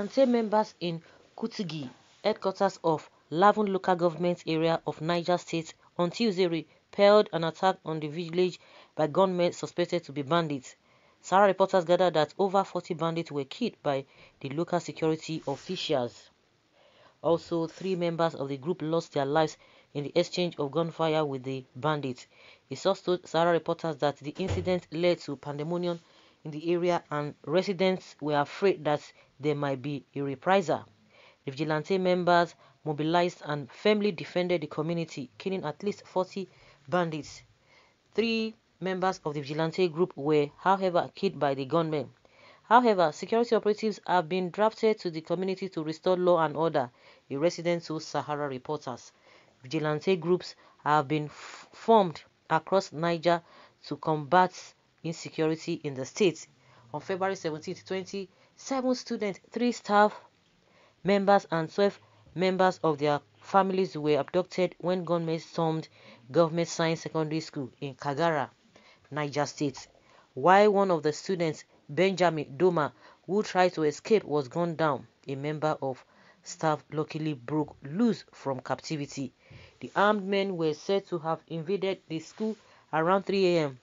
Ashanti members in Kutigi, headquarters of Lavon local government area of Niger State, on Tuesday repelled an attack on the village by gunmen suspected to be bandits. Sarah reporters gathered that over 40 bandits were killed by the local security officials. Also, three members of the group lost their lives in the exchange of gunfire with the bandits. It also told Sahara reporters that the incident led to pandemonium in the area and residents were afraid that there might be a reprisal. The vigilante members mobilized and firmly defended the community, killing at least 40 bandits. Three members of the vigilante group were, however, killed by the gunmen. However, security operatives have been drafted to the community to restore law and order, a resident told Sahara reporters. Vigilante groups have been formed across Niger to combat insecurity in the state. On February 17, 20, seven students, three staff members, and 12 members of their families were abducted when gunmen stormed Government Science Secondary School in Kagara, Niger State. While one of the students, Benjamin Doma, who tried to escape, was gunned down, a member of staff luckily broke loose from captivity. The armed men were said to have invaded the school around 3 a.m.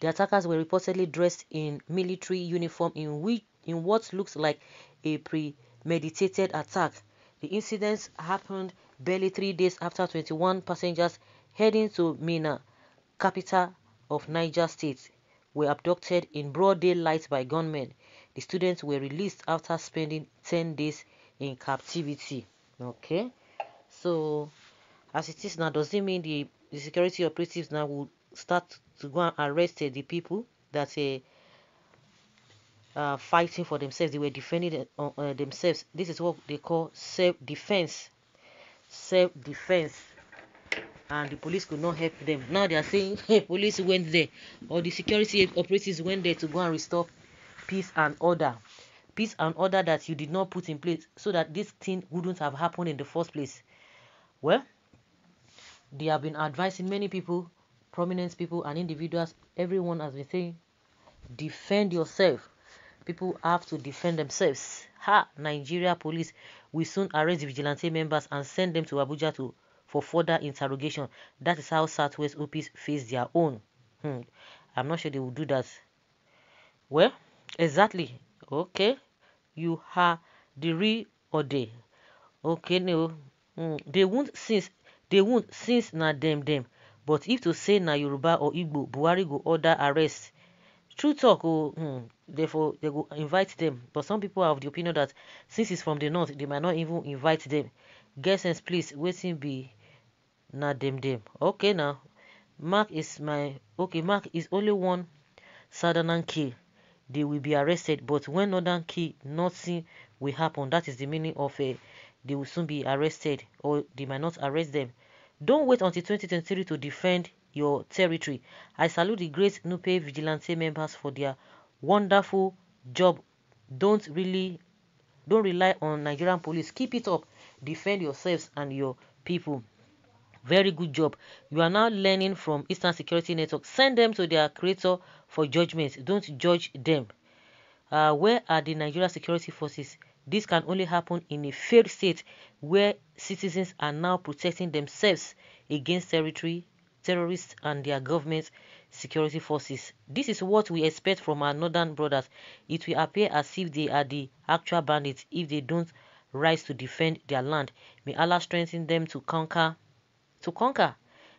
The attackers were reportedly dressed in military uniform in, which, in what looks like a premeditated attack. The incidents happened barely three days after 21 passengers heading to Mina, capital of Niger State, were abducted in broad daylight by gunmen. The students were released after spending 10 days in captivity. Okay, so as it is now, does it mean the, the security operatives now will start to go and arrest uh, the people that uh, fighting for themselves. They were defending uh, uh, themselves. This is what they call self-defense. Self-defense. And the police could not help them. Now they are saying the police went there or the security operatives went there to go and restore peace and order. Peace and order that you did not put in place so that this thing wouldn't have happened in the first place. Well, they have been advising many people prominent people and individuals, everyone has been saying, defend yourself. People have to defend themselves. Ha! Nigeria police will soon arrest vigilante members and send them to Abuja to for further interrogation. That is how Southwest OPs face their own. Hmm. I'm not sure they will do that. Well, exactly. Okay, you have the re or they. Okay, no, hmm. they won't since they won't since na them them but if to say na yoruba or igbo buhari go order arrest true talk oh hmm, therefore they go invite them but some people are of the opinion that since it's from the north they might not even invite them get sense please waiting be na dem dem okay now mark is my okay mark is only one southern key they will be arrested but when northern key nothing will happen that is the meaning of uh, they will soon be arrested or they might not arrest them don't wait until 2023 to defend your territory. I salute the great Nupe vigilante members for their wonderful job. Don't really don't rely on Nigerian police. Keep it up. Defend yourselves and your people. Very good job. You are now learning from Eastern Security Network. Send them to their creator for judgment. Don't judge them. Uh, where are the Nigerian security forces? This can only happen in a failed state where citizens are now protecting themselves against territory, terrorists and their government security forces. This is what we expect from our northern brothers. It will appear as if they are the actual bandits if they don't rise to defend their land. May Allah strengthen them to conquer. To conquer.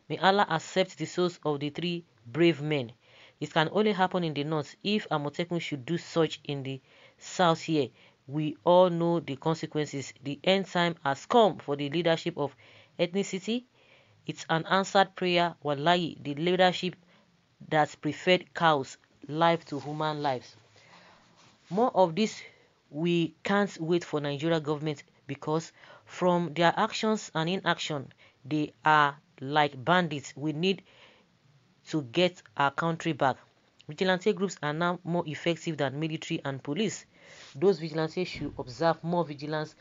May Allah accept the souls of the three brave men. It can only happen in the north if Amotekun should do such in the south here we all know the consequences. The end time has come for the leadership of ethnicity. It's an answered prayer. Wallahi, the leadership that's preferred cows' life to human lives. More of this we can't wait for Nigeria government because from their actions and inaction, they are like bandits. We need to get our country back. Vigilante groups are now more effective than military and police. Those vigilantes should observe more vigilance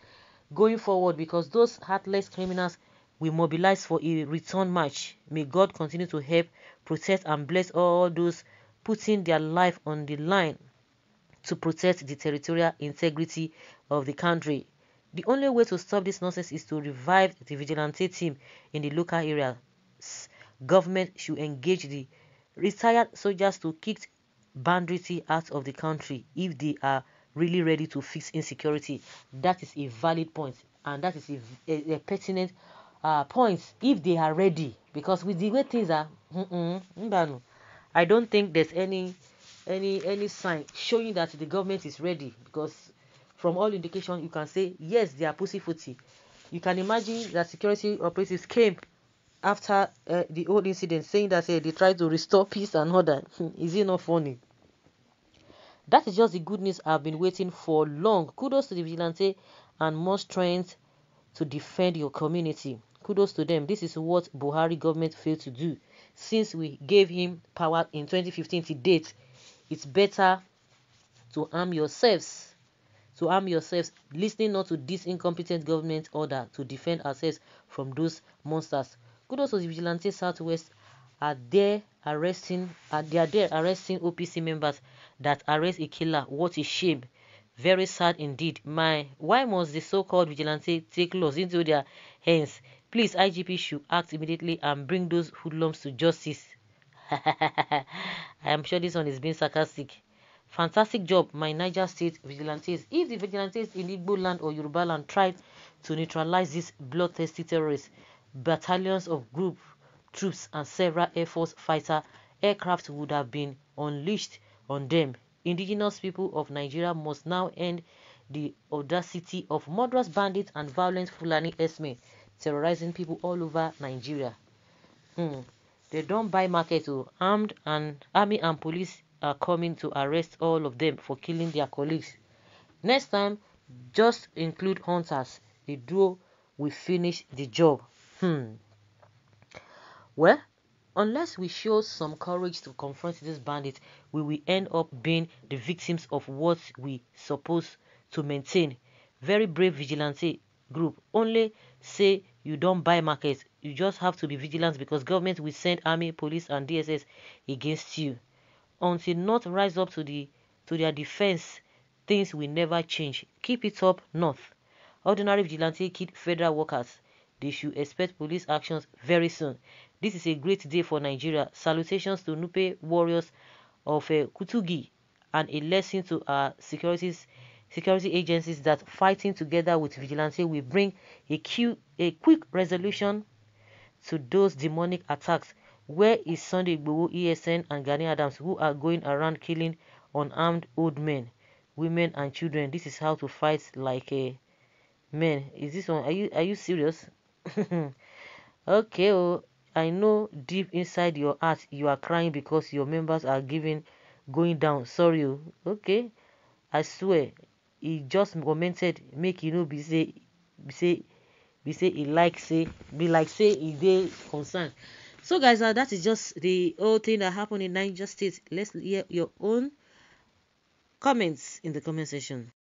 going forward because those heartless criminals will mobilize for a return march. May God continue to help, protect, and bless all those putting their life on the line to protect the territorial integrity of the country. The only way to stop this nonsense is to revive the vigilante team in the local areas. Government should engage the Retired soldiers to kick banditry out of the country if they are really ready to fix insecurity. That is a valid point, and that is a, a, a pertinent uh, point if they are ready. Because with the way things are, I don't think there's any any any sign showing that the government is ready. Because from all indication, you can say yes, they are pussyfooty. You can imagine that security operatives came after uh, the old incident, saying that uh, they try to restore peace and order. Hmm, is it not funny? That is just the good news I've been waiting for long. Kudos to the vigilante and more strength to defend your community. Kudos to them. This is what Buhari government failed to do since we gave him power in 2015 to date. It's better to arm yourselves. To arm yourselves, listening not to this incompetent government order to defend ourselves from those monsters Kudos to the Vigilante Southwest are there arresting are they are there arresting OPC members that arrest a killer. What a shame. Very sad indeed. My why must the so-called vigilante take laws into their hands? Please, IGP should act immediately and bring those hoodlums to justice. I am sure this one is being sarcastic. Fantastic job, my Niger State vigilantes. If the vigilantes in Igbo land or Yoruba land tried to neutralize these bloodthirsty terrorists, battalions of group troops and several Air Force fighter aircraft would have been unleashed on them. Indigenous people of Nigeria must now end the audacity of murderous bandits and violent Fulani Esme terrorizing people all over Nigeria. Hmm. They don't buy market to oh. armed and army and police are coming to arrest all of them for killing their colleagues. Next time, just include hunters. The duo will finish the job. Hmm. Well, unless we show some courage to confront these bandits, we will end up being the victims of what we suppose to maintain. Very brave vigilante group. Only say you don't buy markets. You just have to be vigilant because government will send army, police, and DSS against you. Until not rise up to the to their defense, things will never change. Keep it up, North. Ordinary vigilante kid federal workers. They should expect police actions very soon. This is a great day for Nigeria. Salutations to Nupe warriors of uh, Kutugi and a lesson to our securities security agencies that fighting together with vigilante will bring a quick resolution to those demonic attacks. Where is Sunday Igboho, ESN, and Gani Adams who are going around killing unarmed old men, women, and children? This is how to fight like a uh, man. Is this one? Are you are you serious? okay, oh, I know deep inside your heart you are crying because your members are giving going down. Sorry, oh. okay. I swear, he just commented make you know, be say be say be say he like say be like say he dey concerned. So guys, uh, that is just the whole thing that happened in Niger State. Let's hear your own comments in the comment section.